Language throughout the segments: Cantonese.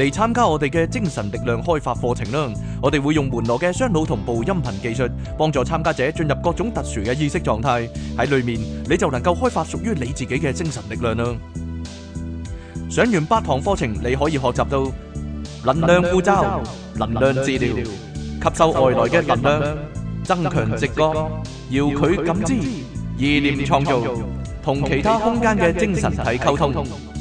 嚟參加我哋嘅精神力量開發課程啦！我哋會用門羅嘅雙腦同步音頻技術，幫助參加者進入各種特殊嘅意識狀態。喺裡面你就能夠開發屬於你自己嘅精神力量啦！上完八堂課程，你可以學習到能量呼召、能量治療、吸收外來嘅能量、增強直覺、遙距感知、意念創造、同其他空間嘅精神體溝通。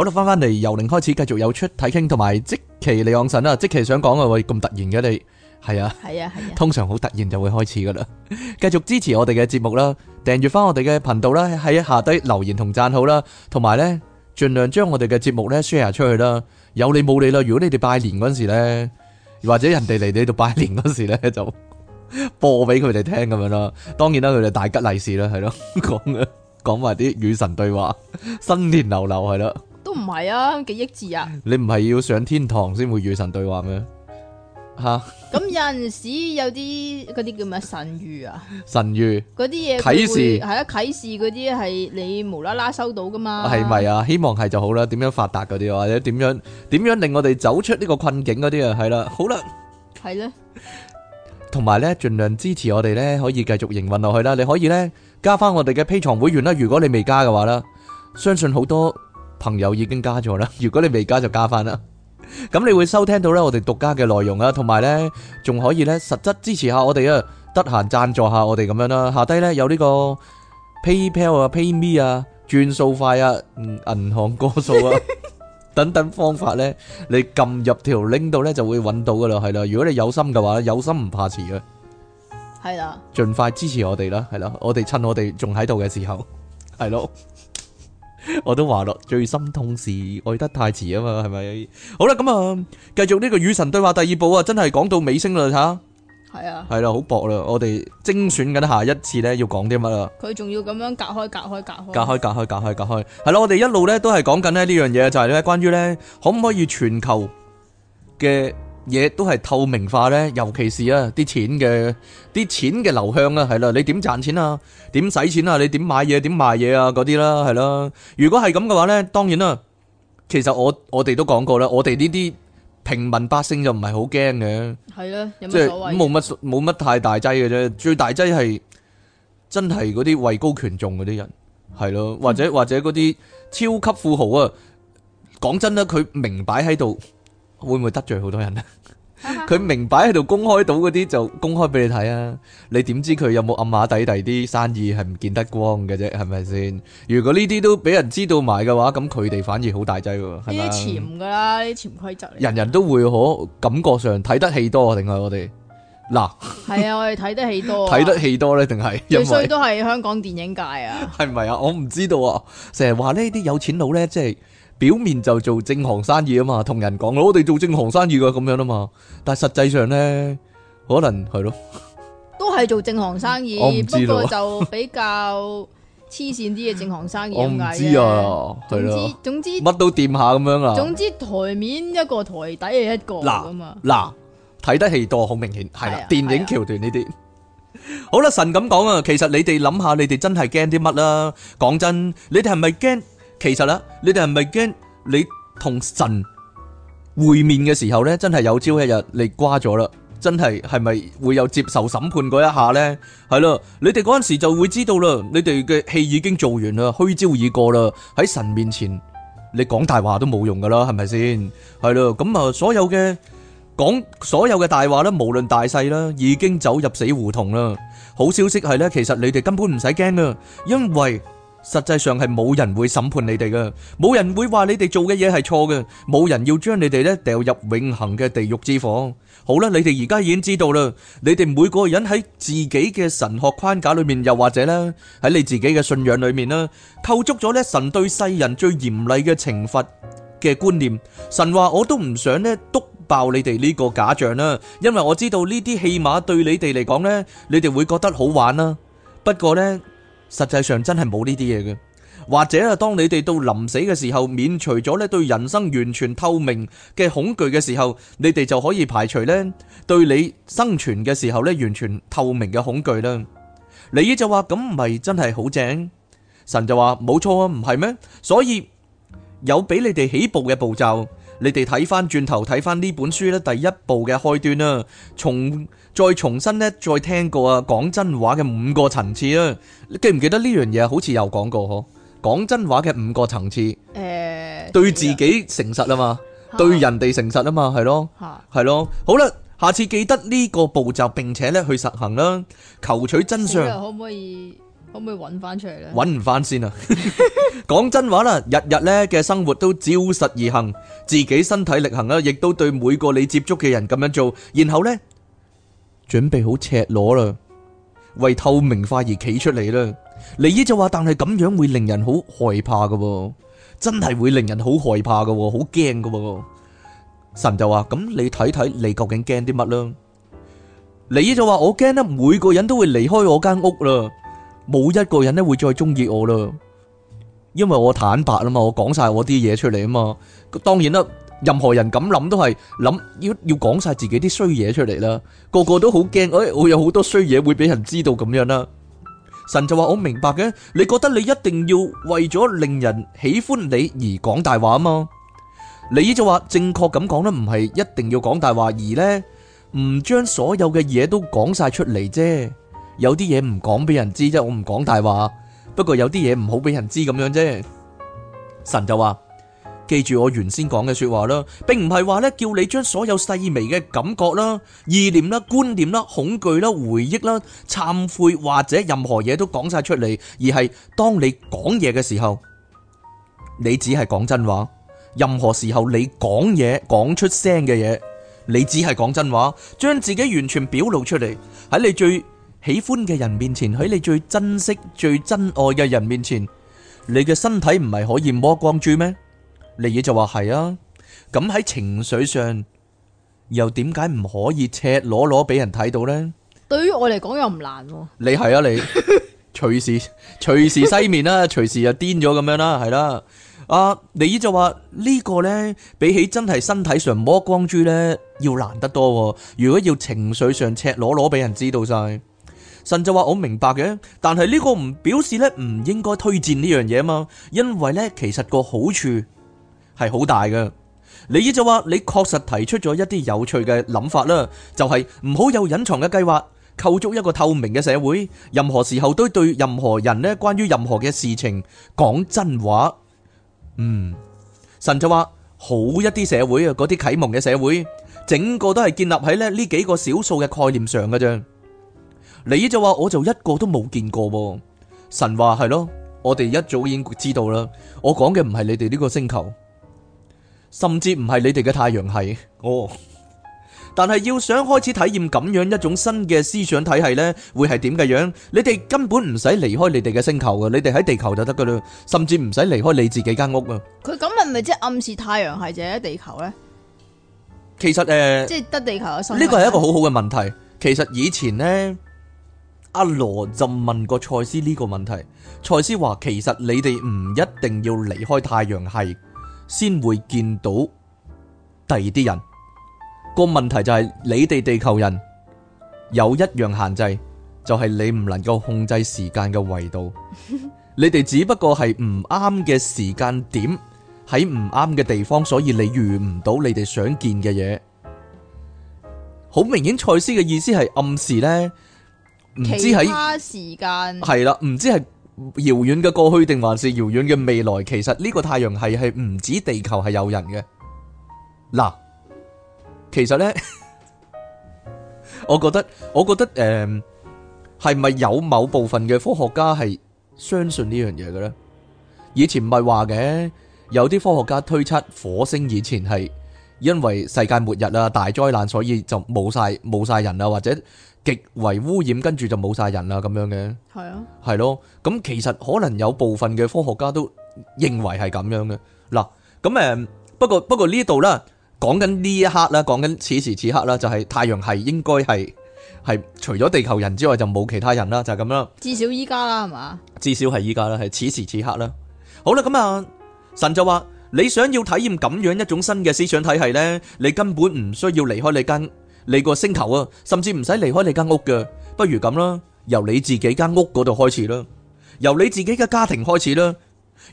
好啦，翻翻嚟由零開始，繼續有出睇傾，同埋即期嚟昂神啦，即期想講嘅喂，咁突然嘅你係啊，係啊，係啊，通常好突然就會開始噶啦。繼續支持我哋嘅節目啦，訂閱翻我哋嘅頻道啦，喺下低留言同讚好啦，同埋咧盡量將我哋嘅節目咧 share 出去啦。有你冇你啦，如果你哋拜年嗰時咧，或者人哋嚟你度拜年嗰時咧， 就播俾佢哋聽咁樣啦。當然啦，佢哋大吉利是啦，係咯、啊，講啊講埋啲與神對話，新年流流係咯。都唔係啊，幾益智啊！你唔係要上天堂先會與神對話咩？吓，咁有陣時有啲嗰啲叫咩神諭啊？神諭嗰啲嘢啟示係啊，啟示嗰啲係你無啦啦收到噶嘛？係咪啊？希望係就好啦。點樣發達嗰啲啊？或者點樣點樣令我哋走出呢個困境嗰啲啊？係啦，好啦，係啦，同埋咧，盡量支持我哋咧，可以繼續營運落去啦。你可以咧加翻我哋嘅 Patreon 會員啦。如果你未加嘅話啦，相信好多。朋友已經加咗啦，如果你未加就加翻啦。咁你會收聽到呢我哋獨家嘅內容啊，同埋呢仲可以呢實質支持下我哋啊，得閒贊助下我哋咁樣啦。下低呢有呢個 PayPal 啊、PayMe 啊、轉數快啊、銀行個數啊等等方法呢，你撳入條 link 度呢就會搵到噶啦，係啦。如果你有心嘅話，有心唔怕遲啊，係啦，盡快支持我哋啦，係啦，我哋趁我哋仲喺度嘅時候，係咯。 我都話咯，最心痛是愛得太遲啊嘛，係咪？好啦，咁啊，繼續呢個與神對話第二部是啊，啊，真係講到尾聲啦，吓。係啊。係啦，好薄啦，我哋精選緊下一次咧，要講啲乜啦？佢仲要咁樣隔開、隔、隔、隔、隔、隔、隔開、隔開、隔開、隔開、隔開、隔開，係咯，我哋一路咧都係講緊咧呢樣嘢，就係、是、咧關於咧可唔可以全球嘅。嘢都係透明化咧，尤其是啊啲錢嘅，啲錢嘅流向啊，係啦，你點賺錢啊，點使錢啊，你點買嘢，點賣嘢啊，嗰啲啦，係啦。如果係咁嘅話咧，當然啦，其實我我哋都講過啦，我哋呢啲平民百姓就唔係好驚嘅，係啦，即係冇乜冇乜太大劑嘅啫，最大劑係真係嗰啲位高權重嗰啲人，係咯、嗯，或者或者嗰啲超級富豪啊，講真啦，佢明擺喺度。會唔會得罪好多人咧？佢 明擺喺度公開到嗰啲就公開俾你睇啊！你點知佢有冇暗馬底底啲生意係唔見得光嘅啫？係咪先？如果呢啲都俾人知道埋嘅話，咁佢哋反而好大劑喎。呢啲潛噶啦，呢啲潛規則。人人都會我感覺上睇得戲多啊，定係我哋嗱？係啊，我哋睇得戲多、啊。睇 得戲多咧、啊，定係最衰都係香港電影界啊？係咪 啊？我唔知道啊！成日話呢啲有錢佬咧，即係。表面就做正行生意啊嘛，同人講咯，我哋做正行生意噶咁樣啊嘛，但係實際上咧，可能係咯，都係做正行生意，不過就比較黐線啲嘅正行生意，我唔知啊，係咯。總之，總之乜都掂下咁樣啊。總之台面一個，台底係一個啊嘛。嗱，睇得戲多，好明顯係啦。電影橋段呢啲，好啦，神咁講啊，其實你哋諗下，你哋真係驚啲乜啦？講真，你哋係咪驚？其實啦，你哋係咪驚你同神會面嘅時候咧，真係有朝一日你瓜咗啦，真係係咪會有接受審判嗰一下咧？係咯，你哋嗰陣時就會知道啦，你哋嘅戲已經做完啦，虛招已過啦。喺神面前，你講大話都冇用噶啦，係咪先？係咯，咁啊，所有嘅講，所有嘅大話咧，無論大細啦，已經走入死胡同啦。好消息係咧，其實你哋根本唔使驚啦，因為。實際上係冇人會審判你哋嘅，冇人會話你哋做嘅嘢係錯嘅，冇人要將你哋咧掉入永恒嘅地獄之火。好啦，你哋而家已經知道啦，你哋每個人喺自己嘅神學框架裏面，又或者咧喺你自己嘅信仰裏面啦，構築咗咧神對世人最嚴厲嘅懲罰嘅觀念。神話我都唔想咧督爆你哋呢個假象啦，因為我知道呢啲戲碼對你哋嚟講呢，你哋會覺得好玩啦。不過呢。實際上真係冇呢啲嘢嘅，或者啊，當你哋到臨死嘅時候，免除咗咧對人生完全透明嘅恐懼嘅時候，你哋就可以排除咧對你生存嘅時候咧完全透明嘅恐懼啦。你呢就話：咁唔係真係好正。神就話：冇錯啊，唔係咩？所以有俾你哋起步嘅步驟，你哋睇翻轉頭睇翻呢本書咧，第一步嘅開端啦，從。再重新咧，再聽過啊！講真話嘅五個層次啊，你記唔記得呢樣嘢？好似有講過嗬，講真話嘅五個層次，誒、呃，對自己誠實，了誠實啊嘛，對人哋誠實啊嘛，係咯，係哈咯，好啦，下次記得呢個步驟，並且咧去實行啦，求取真相，可唔可以？可唔可以搵翻出嚟咧？搵唔翻先啊！講 真話啦，日日咧嘅生活都照實而行，自己身體力行啦，亦都對每個你接觸嘅人咁樣做，然後呢。準備好赤裸啦，為透明化而企出嚟啦。利伊就話：，但係咁樣會令人好害怕噶喎，真係會令人好害怕噶喎，好驚噶。神就話：，咁你睇睇你究竟驚啲乜啦？利伊就話：，我驚得每個人都會離開我間屋啦，冇一個人咧會再中意我啦，因為我坦白啊嘛，我講晒我啲嘢出嚟啊嘛，當然啦。任何人咁諗都係諗要要講晒自己啲衰嘢出嚟啦，個個都好驚，誒、哎，我有好多衰嘢會俾人知道咁樣啦。神就話：我明白嘅，你覺得你一定要為咗令人喜歡你而講大話嘛？你就話正確咁講啦，唔係一定要講大話，而呢，唔將所有嘅嘢都講晒出嚟啫。有啲嘢唔講俾人知啫，我唔講大話，不過有啲嘢唔好俾人知咁樣啫。神就話。記住我原先講嘅說話啦，並唔係話咧叫你將所有細微嘅感覺啦、意念啦、觀點啦、恐懼啦、回憶啦、懺悔或者任何嘢都講晒出嚟，而係當你講嘢嘅時候，你只係講真話。任何時候你講嘢講出聲嘅嘢，你只係講真話，將自己完全表露出嚟喺你最喜歡嘅人面前，喺你最珍惜最珍愛嘅人面前，你嘅身體唔係可以摸光豬咩？尼爾就話，係啊，咁喺情緒上又點解唔可以赤裸裸俾人睇到呢？對於我嚟講又唔難喎、啊。你係啊，你隨 時隨時失眠 隨時啦，隨時又癲咗咁樣啦，係啦。阿尼爾就話呢個呢，比起真係身體上摸光豬呢，要難得多、啊。如果要情緒上赤裸裸俾人知道晒，神就話我明白嘅，但係呢個唔表示呢唔應該推薦呢樣嘢啊嘛，因為呢其實個好處。係好大嘅。你姨就話你確實提出咗一啲有趣嘅諗法啦，就係唔好有隱藏嘅計劃，構築一個透明嘅社會，任何時候都對任何人呢關於任何嘅事情講真話。嗯，神就話好一啲社會啊，嗰啲啟蒙嘅社會，整個都係建立喺咧呢幾個少數嘅概念上嘅啫。你姨就話我就一個都冇見過噃，神話，係咯，我哋一早已經知道啦，我講嘅唔係你哋呢個星球。甚至唔係你哋嘅太陽系哦，但係要想開始體驗咁樣一種新嘅思想體系呢會係點嘅樣？你哋根本唔使離開你哋嘅星球嘅，你哋喺地球就得噶啦，甚至唔使離開你自己間屋啊！佢咁係咪即係暗示太陽系就喺地球呢？其實誒，呃、即係得地球呢個係一個好好嘅問題。其實以前呢，阿羅就問過賽斯呢個問題，賽斯話：其實你哋唔一定要離開太陽系。先會見到第二啲人。個問題就係、是、你哋地球人有一樣限制就係、是、你唔能夠控制時間嘅維度， 你哋只不過係唔啱嘅時間點喺唔啱嘅地方，所以你遇唔到你哋想見嘅嘢。好明顯，賽斯嘅意思係暗示呢，唔知喺時間係啦，唔知係。遙遠嘅過去定還是遙遠嘅未來，其實呢個太陽系係唔止地球係有人嘅。嗱，其實呢， 我覺得，我覺得，誒、呃，係咪有某部分嘅科學家係相信呢樣嘢嘅呢？以前唔係話嘅，有啲科學家推測火星以前係因為世界末日啊、大災難，所以就冇晒冇晒人啊，或者。極為污染，跟住就冇晒人啦，咁樣嘅係啊，係咯，咁其實可能有部分嘅科學家都認為係咁樣嘅，嗱，咁誒，不過不過呢度啦，講緊呢一刻啦，講緊此時此刻啦，就係、是、太陽系應該係係除咗地球人之外就冇其他人啦，就係咁樣，至少依家啦係嘛，至少係依家啦，係此時此刻啦，好啦，咁、嗯、啊，神就話你想要體驗咁樣一種新嘅思想體系呢，你根本唔需要離開你間。你個星球啊，甚至唔使離開你間屋嘅，不如咁啦，由你自己間屋嗰度開始啦，由你自己嘅家庭開始啦。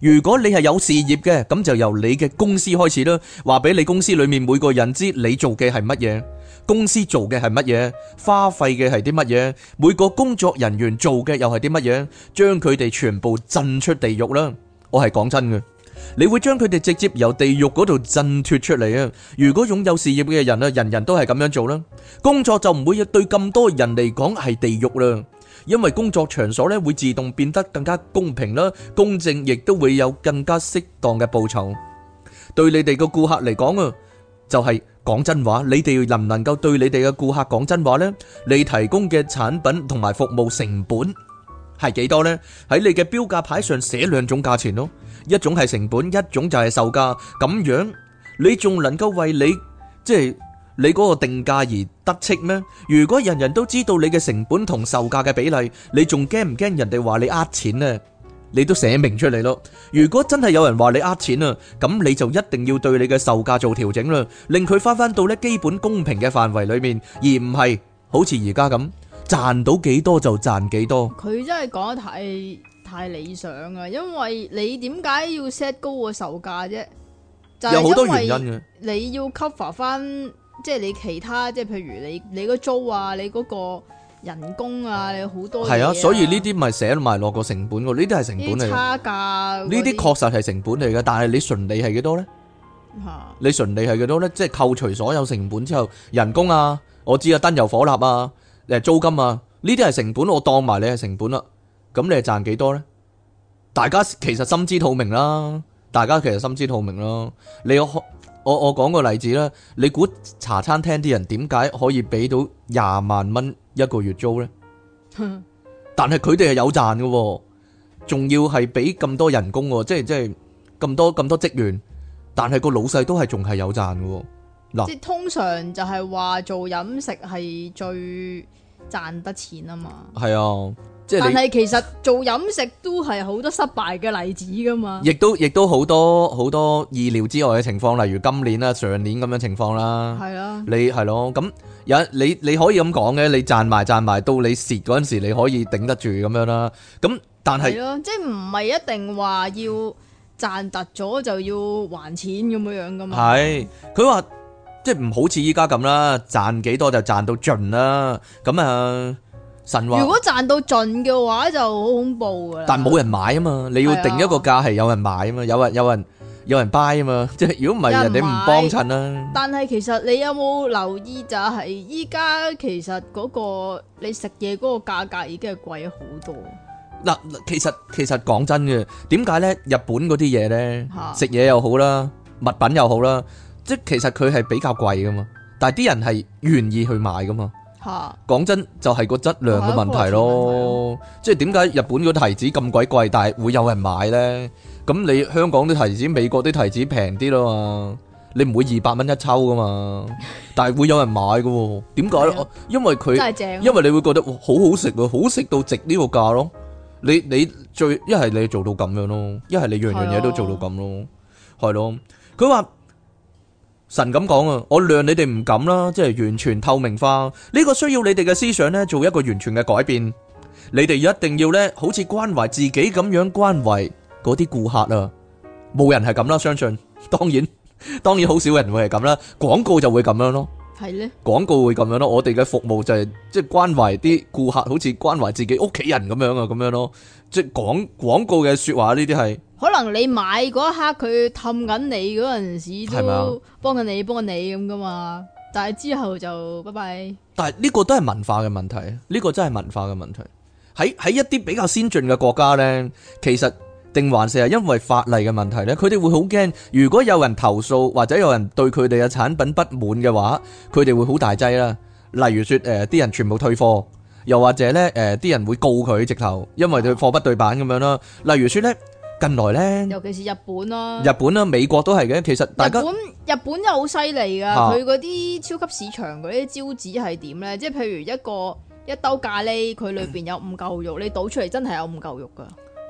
如果你係有事業嘅，咁就由你嘅公司開始啦。話俾你公司裏面每個人知，你做嘅係乜嘢，公司做嘅係乜嘢，花費嘅係啲乜嘢，每個工作人員做嘅又係啲乜嘢，將佢哋全部震出地獄啦。我係講真嘅。你會將佢哋直接由地獄嗰度掙脫出嚟啊！如果擁有事業嘅人啊，人人都係咁樣做啦，工作就唔會對咁多人嚟講係地獄啦，因為工作場所咧會自動變得更加公平啦、公正，亦都會有更加適當嘅報酬。對你哋嘅顧客嚟講啊，就係講真話，你哋能唔能夠對你哋嘅顧客講真話呢？你提供嘅產品同埋服務成本係幾多呢？喺你嘅標價牌上寫兩種價錢咯。一種係成本，一種就係售價，咁樣你仲能夠為你即係你嗰個定價而得戚咩？如果人人都知道你嘅成本同售價嘅比例，你仲驚唔驚人哋話你呃錢啊？你都寫明出嚟咯。如果真係有人話你呃錢啊，咁你就一定要對你嘅售價做調整啦，令佢翻翻到呢基本公平嘅範圍裡面，而唔係好似而家咁賺到幾多就賺幾多。佢真係講得太。太理想啊！因為你點解要 set 高個售價啫？有好多原因嘅。你要 cover 翻，即係你其他，即係譬如你你個租啊，你嗰個人工啊，你好多係啊。所以呢啲咪寫埋落個成本嘅，呢啲係成本嚟，差價。呢啲確實係成本嚟嘅，但係你純利係幾多咧？吓，你純利係幾多咧？即係扣除所有成本之後，人工啊，我知啊，燈油火蠟啊，誒，租金啊，呢啲係成本，我當埋你係成本啦。咁你係賺幾多呢？大家其實心知肚明啦，大家其實心知肚明啦。你我我講個例子啦，你估茶餐廳啲人點解可以俾到廿萬蚊一個月租呢？ 但係佢哋係有賺嘅喎，仲要係俾咁多人工喎，即係即係咁多咁多職員，但係個老細都係仲係有賺嘅喎。嗱，即通常就係話做飲食係最賺得錢啊嘛。係啊。但係其實做飲食都係好多失敗嘅例子噶嘛，亦都亦都好多好多意料之外嘅情況，例如今年啦，上年咁樣情況啦，係啦，啊，你係咯，咁有你你可以咁講嘅，你賺埋賺埋到你蝕嗰陣時，你可以頂得住咁樣啦。咁但係，係咯，啊，即係唔係一定話要賺突咗就要還錢咁樣樣噶嘛？係，佢話即係唔好似依家咁啦，賺幾多就賺到盡啦。咁啊。如果賺到盡嘅話就好恐怖噶啦！但冇人買啊嘛，你要定一個價係有人買啊嘛，有人有人有人 buy 啊嘛，即係如果唔係人哋唔幫襯啦。但係其實你有冇留意就係依家其實嗰個你食嘢嗰個價格已經係貴咗好多。嗱，其實其實講真嘅，點解咧？日本嗰啲嘢咧，食嘢又好啦，物品又好啦，即係其實佢係比較貴噶嘛，但係啲人係願意去買噶嘛。講真就係個質量嘅問題咯，啊題啊、即係點解日本嘅提子咁鬼貴，但係會有人買呢？咁你香港啲提子，美國啲提子平啲囉嘛，你唔會二百蚊一抽噶嘛， 但係會有人買嘅，點解？啊、因為佢因為你會覺得好好食喎，好食到值呢個價咯。你你最一係你做到咁樣咯，一係你樣樣嘢都做到咁咯，係咯，啊。佢話。神咁講啊，我量你哋唔敢啦，即係完全透明化。呢個需要你哋嘅思想呢，做一個完全嘅改變。你哋一定要呢，好似關懷自己咁樣關懷嗰啲顧客啊。冇人係咁啦，相信。當然，當然好少人會係咁啦。廣告就會咁樣咯。係呢，廣告會咁樣咯。我哋嘅服務就係即係關懷啲顧客，好似關懷自己屋企人咁樣啊，咁樣咯。即係講廣告嘅說話呢啲係。可能你買嗰一刻佢氹緊你嗰陣時都幫緊你幫緊吧你咁噶嘛，但係之後就拜拜。但係呢個都係文化嘅問題，呢、呢個真係文化嘅問題。喺一啲比較先進嘅國家呢，其實定還是係因為法例嘅問題呢，佢哋會好驚，如果有人投訴或者有人對佢哋嘅產品不滿嘅話，佢哋會好大劑啦。例如說誒，啲、呃、人全部退貨，又或者呢，誒、呃，啲人會告佢直頭，因為佢貨不對版咁樣啦。例如說呢。近來呢，尤其是日本啦，日本啦，美國都係嘅。其實，大家日本日本又好犀利㗎，佢嗰啲超級市場嗰啲招紙係點呢？即係譬如一個一兜咖喱，佢裏邊有五嚿肉，你倒出嚟真係有五嚿肉㗎。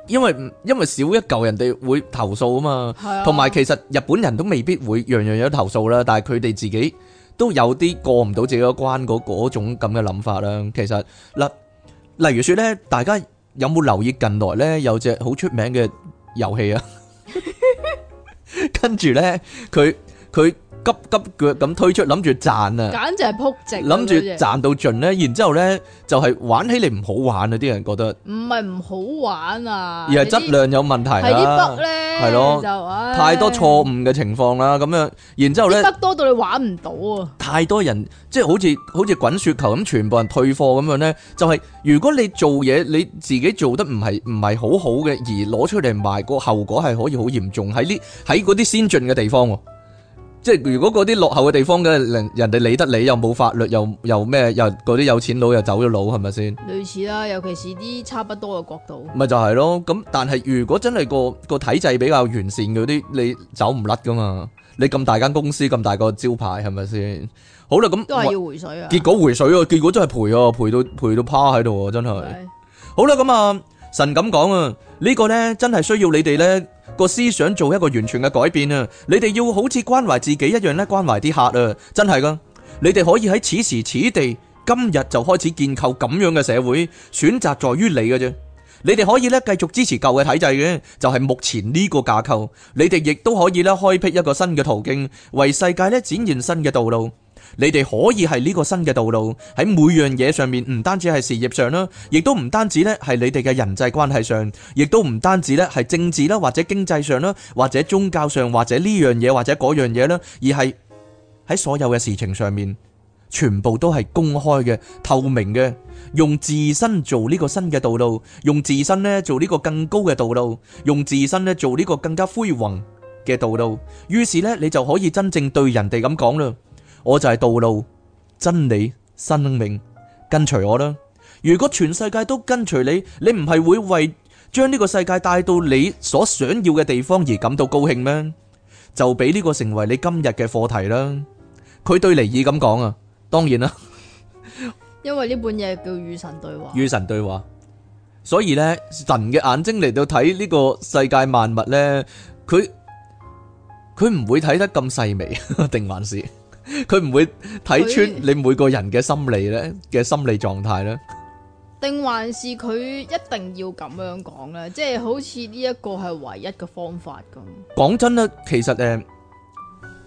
因為因為少一嚿人哋會投訴啊嘛，同埋其實日本人都未必會樣樣有投訴啦，但係佢哋自己都有啲過唔到自己一關嗰嗰種咁嘅諗法啦。其實嗱，例如説呢，大家有冇留意近來呢有隻好出名嘅？遊戲遊啊 跟，跟住咧，佢佢。急急腳咁推出，諗住賺啊！簡直係撲直，諗住賺到盡咧。那個 然之後咧，就係、是、玩起嚟唔好，好玩啊！啲人覺得唔係唔好玩啊，而係質量有問題啦。係啲 bug 咧，係咯的唉太多錯誤嘅情況啦。咁樣，然之後咧，多得多到你玩唔到啊！太多人即係、就是、好似好似滾雪球咁，全部人退貨咁樣咧，就係、是、如果你做嘢你自己做得唔係唔係好好嘅，而攞出嚟賣個後果係可以好嚴重。喺呢喺嗰啲先進嘅地方。即係如果嗰啲落後嘅地方嘅人，人哋理得你又冇法律，又又咩？又嗰啲有錢佬又走咗佬，係咪先？類似啦，尤其是啲差不多嘅角度。咪就係咯，咁但係如果真係個個體制比較完善嗰啲，你走唔甩噶嘛？你咁大間公司，咁大個招牌，係咪先？好啦，咁都係要回水啊！結果回水啊！結果真係賠啊！賠到賠到趴喺度啊！真係。對好啦，咁啊。神咁講啊，呢、這個呢真係需要你哋呢個思想做一個完全嘅改變啊！你哋要好似關懷自己一樣咧，關懷啲客啊，真係噶。你哋可以喺此時此地今日就開始建構咁樣嘅社會，選擇在於你嘅啫。你哋可以咧繼續支持舊嘅體制嘅，就係、是、目前呢個架構。你哋亦都可以咧開闢一個新嘅途徑，為世界咧展現新嘅道路。你哋可以係呢個新嘅道路，喺每樣嘢上面，唔單止係事業上啦，亦都唔單止咧係你哋嘅人際關係上，亦都唔單止咧係政治啦，或者經濟上啦，或者宗教上，或者呢樣嘢或者嗰樣嘢啦，而係喺所有嘅事情上面，全部都係公開嘅、透明嘅，用自身做呢個新嘅道路，用自身咧做呢個更高嘅道路，用自身咧做呢個更加輝煌嘅道路。於是咧，你就可以真正對人哋咁講啦。我就係道路、真理、生命，跟隨我啦。如果全世界都跟隨你，你唔係會為將呢個世界帶到你所想要嘅地方而感到高興咩？就俾呢個成為你今日嘅課題啦。佢對尼爾咁講啊，當然啦，因為呢本嘢叫與神對話，與神對話，所以呢神嘅眼睛嚟到睇呢個世界萬物呢，佢佢唔會睇得咁細微定還是？佢唔會睇穿你每個人嘅心理咧嘅心理狀態咧，定還是佢一定要咁樣講咧？即係好似呢一個係唯一嘅方法咁。講真啦，其實誒、嗯，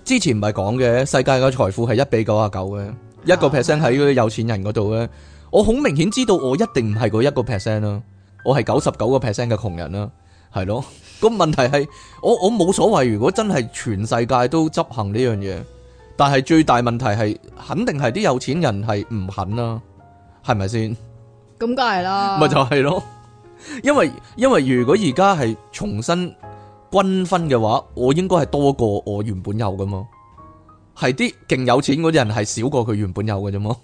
之前唔係講嘅，世界嘅財富係一比九十九嘅，一個 percent 喺有錢人嗰度咧。的我好明顯知道，我一定唔係嗰一個 percent 啦，我係九十九個 percent 嘅窮人啦，係咯。個 問題係我我冇所謂，如果真係全世界都執行呢樣嘢。但係最大問題係，肯定係啲有錢人係唔肯、啊、啦，係咪先？咁梗係啦，咪就係咯。因為因為如果而家係重新均分嘅話，我應該係多過我原本有噶嘛？係啲勁有錢嗰啲人係少過佢原本有嘅啫嘛，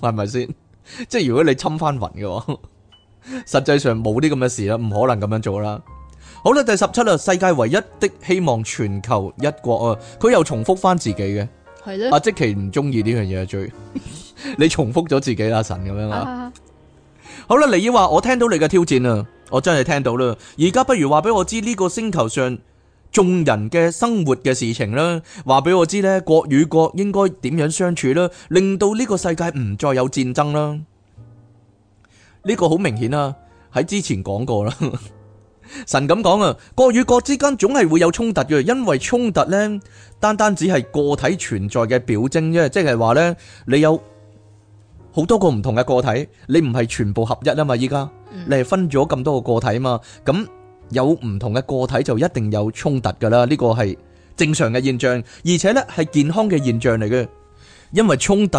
係咪先？ 即係如果你侵翻雲嘅話，實際上冇啲咁嘅事啦，唔可能咁樣做啦。好啦，第十七啦，世界唯一的希望全球一國啊，佢又重複翻自己嘅。阿即、啊、奇唔中意呢樣嘢最， 你重複咗自己阿神咁樣啊！ 好啦，尼爾話我聽到你嘅挑戰啦，我真係聽到啦。而家不如話俾我知呢、這個星球上眾人嘅生活嘅事情啦，話俾我知呢國與國應該點樣相處啦，令到呢個世界唔再有戰爭啦。呢、這個好明顯啦、啊，喺之前講過啦。 神咁講啊，國與國之間總係會有衝突嘅，因為衝突呢，單單只係個體存在嘅表徵啫，即係話呢，你有好多個唔同嘅個體，你唔係全部合一啊嘛，依家你係分咗咁多個個體嘛，咁有唔同嘅個體就一定有衝突噶啦，呢個係正常嘅現象，而且呢係健康嘅現象嚟嘅，因為衝突。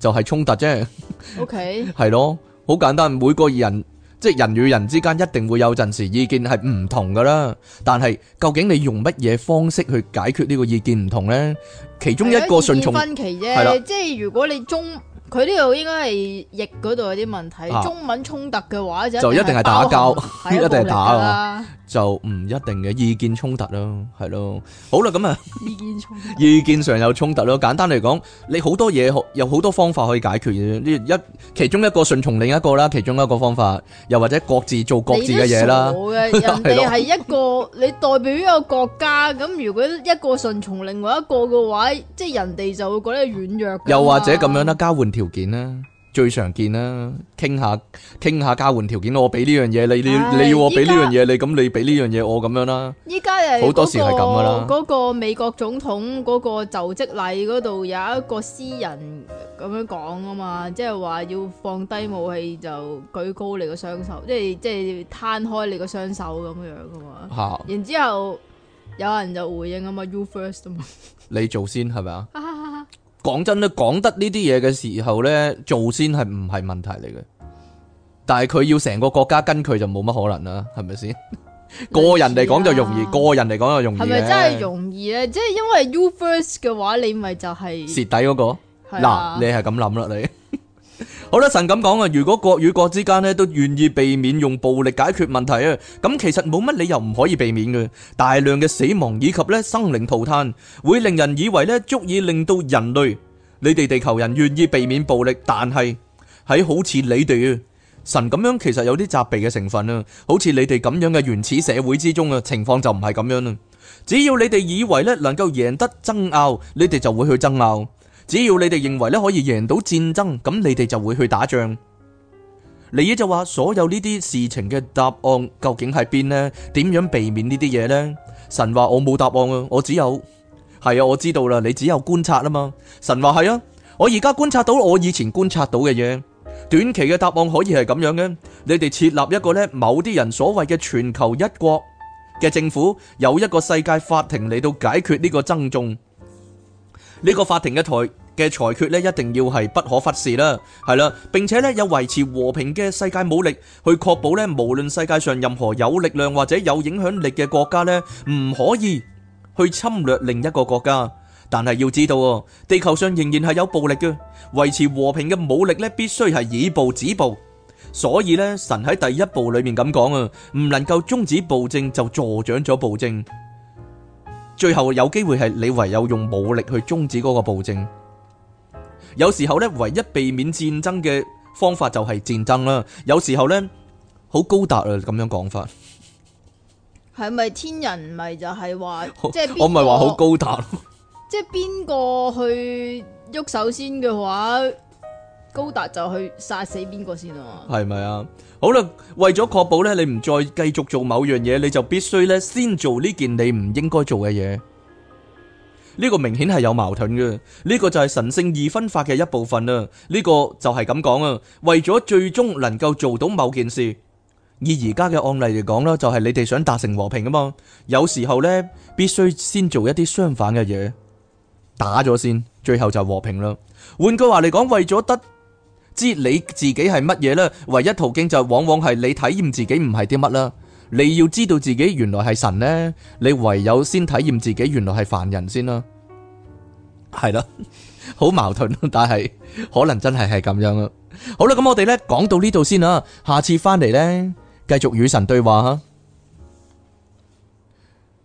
就係衝突啫，OK，係咯，好簡單。每個人即係人與人之間一定會有陣時意見係唔同噶啦，但係究竟你用乜嘢方式去解決呢個意見唔同呢？其中一個順從分歧啫，係啦，即係如果你中。佢呢度應該係譯嗰度有啲問題，中文衝突嘅話就就一定係打交，一定係打啊！就唔一定嘅意見衝突咯，係咯。好啦，咁啊，意見衝突，意見上有衝突咯。簡單嚟講，你好多嘢有好多方法可以解決嘅。呢一，其中一個順從另一個啦，其中一個方法又或者各自做各自嘅嘢啦。人哋係一個，你代表一個國家咁，如果一個順從另外一個嘅話，即係人哋就會覺得軟弱。又或者咁樣啦，交換條。條件啦，最常見啦，傾下傾下交換條件，我俾呢樣嘢你，你、哎、呀你要我俾呢在樣嘢你，咁你俾呢樣嘢我咁樣啦。依家好多時係咁噶啦。嗰、那個美國總統嗰個就職禮嗰度有一個詩人咁樣講啊嘛，即係話要放低武器就舉高你個雙手，即係即係攤開你個雙手咁樣噶嘛。啊、然後之後有人就回應啊嘛，You first 啊嘛， 你做先係咪啊？ 講真咧，講得呢啲嘢嘅時候呢，做先係唔係問題嚟嘅，但係佢要成個國家跟佢就冇乜可能啦，係咪先？啊、個人嚟講就容易，個人嚟講又容易，係咪真係容易呢？即係是因為 U First 嘅話，你咪就係、是、蝕底嗰、那個，嗱、啊，你係咁諗啦，你。好啦，神咁講啊，如果國與國之間呢，都願意避免用暴力解決問題啊，咁其實冇乜理由唔可以避免嘅。大量嘅死亡以及咧生靈塗炭，會令人以為咧足以令到人類，你哋地球人願意避免暴力，但係喺好似你哋啊，神咁樣其實有啲責備嘅成分啊。好似你哋咁樣嘅原始社會之中啊，情況就唔係咁樣啦。只要你哋以為咧能夠贏得爭拗，你哋就會去爭拗。只要你哋認為咧可以贏到戰爭，咁你哋就會去打仗。尼爾就話，所有呢啲事情嘅答案究竟係邊呢？點樣避免呢啲嘢呢？」神話，我冇答案啊，我只有係啊，我知道啦，你只有觀察啊嘛。神話，係啊，我而家觀察到我以前觀察到嘅嘢，短期嘅答案可以係咁樣嘅。你哋設立一個呢，某啲人所謂嘅全球一國嘅政府，有一個世界法庭嚟到解決呢個爭訟，呢、嗯、個法庭嘅台嘅裁決咧，一定要係不可忽視啦，係啦，並且咧有維持和平嘅世界武力去確保咧，無論世界上任何有力量或者有影響力嘅國家咧，唔可以去侵略另一個國家。但係要知道啊，地球上仍然係有暴力嘅，維持和平嘅武力咧，必須係以暴止暴。所以咧，神喺第一步裏面咁講啊，唔能夠終止暴政就助長咗暴政，最後有機會係你唯有用武力去終止嗰個暴政。有時候咧，唯一避免戰爭嘅方法就係戰爭啦。有時候咧，好高達啊咁樣講法。係咪天人咪就係話？哦，即係我唔係話好高達。即係邊個去喐手先嘅話，高達就去殺死邊個先啊，係咪啊？好啦，為咗確保咧，你唔再繼續做某樣嘢，你就必須咧先做呢件你唔應該做嘅嘢。呢個明顯係有矛盾嘅，呢個就係神聖二分法嘅一部分啦。呢個就係咁講啊，為咗最終能夠做到某件事，而而家嘅案例嚟講咧，就係你哋想達成和平啊嘛。有時候呢，必須先做一啲相反嘅嘢，打咗先，最後就和平啦。換句話嚟講，為咗得知你自己係乜嘢咧，唯一途徑就係往往係你體驗自己唔係啲乜啦。你要知道自己原來係神呢？你唯有先體驗自己原來係凡人先啦。係啦，好 矛盾咯。但係可能真係係咁樣咯。好啦，咁我哋呢講到呢度先啦。下次翻嚟呢，繼續與神對話吓。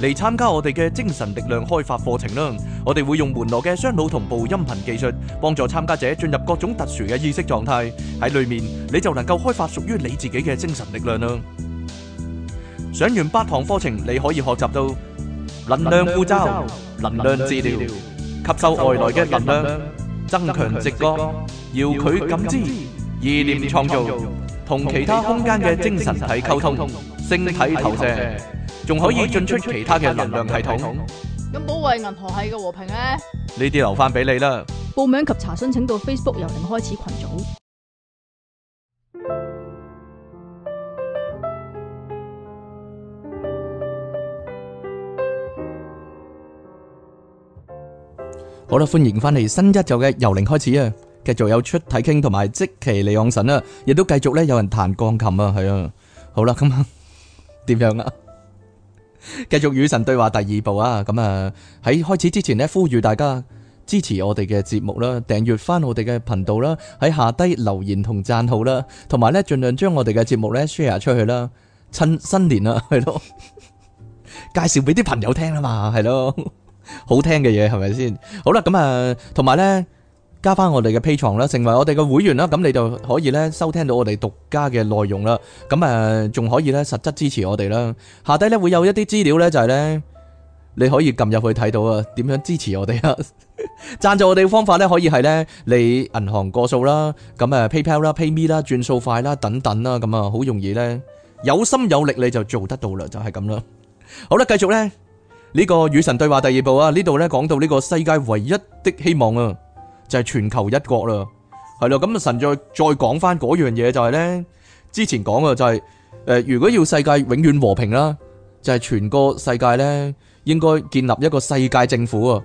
嚟參加我哋嘅精神力量開發課程啦！我哋會用門羅嘅雙腦同步音頻技術，幫助參加者進入各種特殊嘅意識狀態。喺裏面你就能夠開發屬於你自己嘅精神力量啦！上完八堂課程，你可以學習到能量護罩、能量治療、吸收外來嘅能量、增強直覺、遙距感知、意念創造、同其他空間嘅精神體溝通、星體投射。仲可以進出其他嘅能量系統。咁保衛銀河系嘅和平咧？呢啲留翻俾你啦。報名及查詢，請到 Facebook 由零開始群組。好啦，歡迎翻嚟新一集嘅由零開始啊！繼續有出體傾，同埋即期利昂神啊！亦都繼續咧，有人彈鋼琴啊，係啊。好啦，咁點樣啊？繼續與神對話第二部啊！咁啊喺開始之前呢，呼籲大家支持我哋嘅節目啦，訂閱翻我哋嘅頻道啦，喺下低留言同贊好啦，同埋咧盡量將我哋嘅節目咧 share 出去啦，趁新年啊係咯， 介紹俾啲朋友聽啊嘛係咯，好聽嘅嘢係咪先？好啦咁啊，同埋咧。加翻我哋嘅 Patreon 啦，成為我哋嘅會員啦，咁你就可以咧收聽到我哋獨家嘅內容啦。咁誒，仲可以咧實質支持我哋啦。下底咧會有一啲資料咧，就係咧你可以撳入去睇到啊。點樣支持我哋啊？贊助我哋嘅方法咧，可以係咧你銀行過數啦，咁誒 PayPal 啦、PayMe 啦、轉數快啦等等啦，咁啊好容易咧有心有力你就做得到啦，就係咁啦。好啦，繼續咧呢個與神對話第二部啊，呢度咧講到呢個世界唯一的希望啊。就係全球一國啦，係咯，咁啊神再再講翻嗰樣嘢就係咧，之前講嘅就係，誒如果要世界永遠和平啦，就係全個世界咧應該建立一個世界政府啊，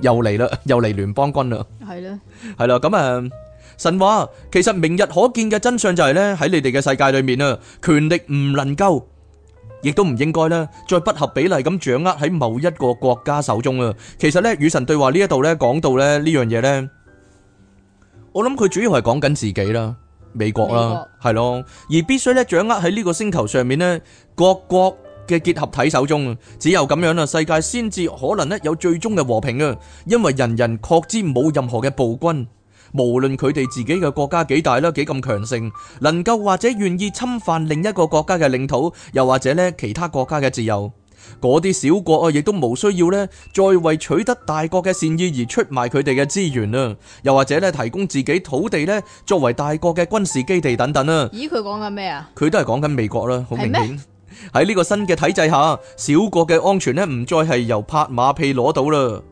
又嚟啦，又嚟聯邦軍啦，係咯，係啦，咁啊神話其實明日可見嘅真相就係咧，喺你哋嘅世界裏面啊，權力唔能夠。亦都唔應該咧，再不合比例咁掌握喺某一個國家手中啊！其實咧，與神對話呢一度咧，講到咧呢樣嘢呢，我諗佢主要係講緊自己啦，美國啦，係咯，美國，而必須咧掌握喺呢個星球上面呢，各國嘅結合體手中，只有咁樣啦，世界先至可能咧有最終嘅和平啊！因為人人確知冇任何嘅暴君。無論佢哋自己嘅國家幾大啦，幾咁強盛，能夠或者願意侵犯另一個國家嘅領土，又或者咧其他國家嘅自由，嗰啲小國啊，亦都無需要咧，再為取得大國嘅善意而出賣佢哋嘅資源啊，又或者咧提供自己土地咧作為大國嘅軍事基地等等啊。咦，佢講緊咩啊？佢都係講緊美國啦，好明顯，喺呢個新嘅體制下，小國嘅安全咧唔再係由拍馬屁攞到啦。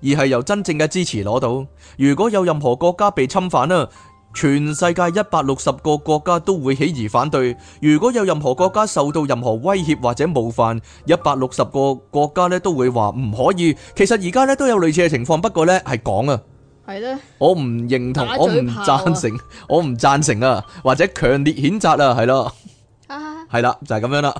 而係由真正嘅支持攞到。如果有任何國家被侵犯啦，全世界一百六十個國家都會起而反對。如果有任何國家受到任何威脅或者冒犯，一百六十個國家咧都會話唔可以。其實而家咧都有類似嘅情況，不過咧係講啊。係咧的，我唔認同，我唔贊成， 我唔贊成啊，或者強烈譴責啊，係咯，係啦， 就係咁樣啦，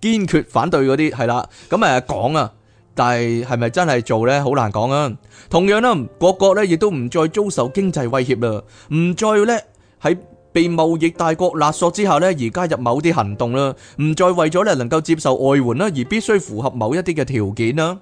堅決反對嗰啲係啦，咁誒講啊。但係係咪真係做呢？好難講啊。同樣啦，各國呢亦都唔再遭受經濟威脅啦，唔再呢喺被貿易大國勒索之下呢而加入某啲行動啦，唔再為咗呢能夠接受外援啦而必須符合某一啲嘅條件啦，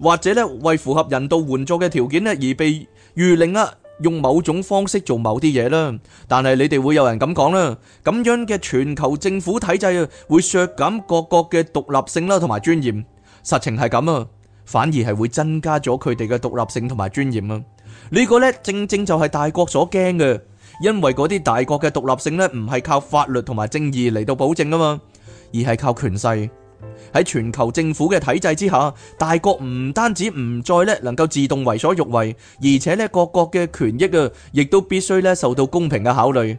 或者呢為符合人道援助嘅條件呢而被諭令啊用某種方式做某啲嘢啦。但係你哋會有人咁講啦，咁樣嘅全球政府體制啊會削減各國嘅獨立性啦同埋尊嚴。實情係咁啊，反而係會增加咗佢哋嘅獨立性同埋尊嚴啊！呢個呢正正就係大國所驚嘅，因為嗰啲大國嘅獨立性呢唔係靠法律同埋正義嚟到保證啊嘛，而係靠權勢。喺全球政府嘅體制之下，大國唔單止唔再呢能夠自動為所欲為，而且呢各國嘅權益啊，亦都必須呢受到公平嘅考慮。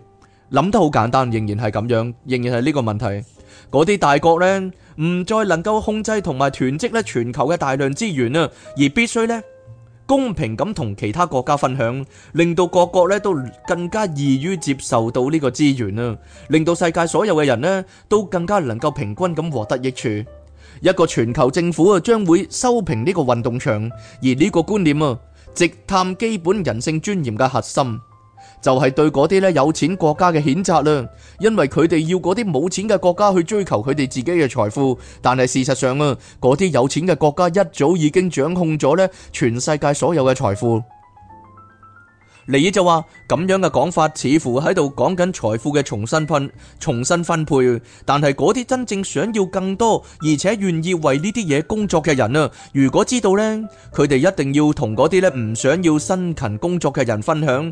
諗得好簡單，仍然係咁樣，仍然係呢個問題。嗰啲大國呢。唔再能夠控制同埋囤積咧全球嘅大量資源啊，而必須咧公平咁同其他國家分享，令到各國咧都更加易於接受到呢個資源啊，令到世界所有嘅人咧都更加能夠平均咁獲得益處。一個全球政府啊，將會修平呢個運動場，而呢個觀念啊，直探基本人性尊嚴嘅核心。就係對嗰啲咧有錢國家嘅譴責啦，因為佢哋要嗰啲冇錢嘅國家去追求佢哋自己嘅財富，但係事實上啊，嗰啲有錢嘅國家一早已經掌控咗咧全世界所有嘅財富。尼爾就話咁樣嘅講法，似乎喺度講緊財富嘅重新分重新分配，但係嗰啲真正想要更多而且願意為呢啲嘢工作嘅人啊，如果知道呢，佢哋一定要同嗰啲咧唔想要辛勤工作嘅人分享。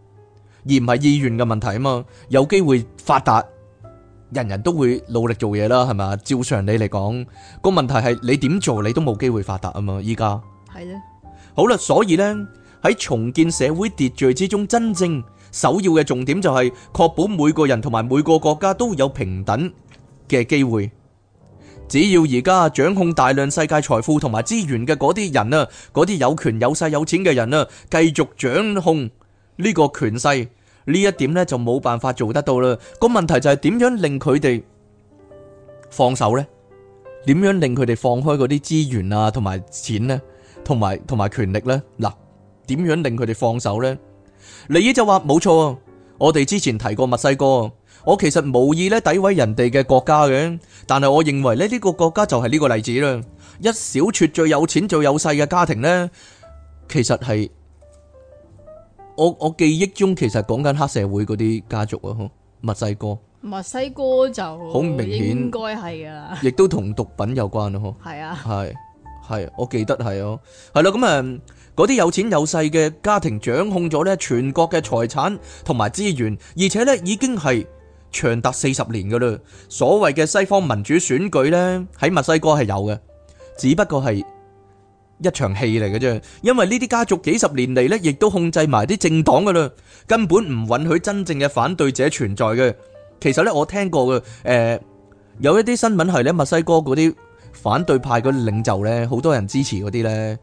而唔係意願嘅問題啊嘛，有機會發達，人人都會努力做嘢啦，係咪？照常理嚟講，個問題係你點做，你都冇機會發達啊嘛！依家係咯，的好啦，所以呢，喺重建社會秩序之中，真正首要嘅重點就係確保每個人同埋每個國家都有平等嘅機會。只要而家掌控大量世界財富同埋資源嘅嗰啲人啊，嗰啲有權有勢有錢嘅人啊，繼續掌控。呢個權勢呢一點呢，就冇辦法做得到啦。個問題就係點樣令佢哋放手呢？點樣令佢哋放開嗰啲資源啊，同埋錢呢？同埋同埋權力呢？嗱，點樣令佢哋放手呢？李姨就話冇錯，我哋之前提過墨西哥，我其實無意咧詆毀人哋嘅國家嘅，但係我認為呢呢個國家就係呢個例子啦。一小撮最有錢、最有勢嘅家庭呢，其實係。我我記憶中其實講緊黑社會嗰啲家族啊，墨西哥，墨西哥就好明顯，應該係啊，亦都同毒品有關咯，係啊，係係，我記得係哦，係啦，咁啊，嗰啲有錢有勢嘅家庭掌控咗呢全國嘅財產同埋資源，而且呢已經係長達四十年噶啦，所謂嘅西方民主選舉呢，喺墨西哥係有嘅，只不過係一場戲嚟嘅啫，因為呢啲家族幾十年嚟咧，亦都控制埋啲政黨噶啦，根本唔允許真正嘅反對者存在嘅。其實咧，我聽過嘅，誒，有一啲新聞係咧，墨西哥嗰啲反對派嗰啲領袖咧，好多人支持嗰啲咧，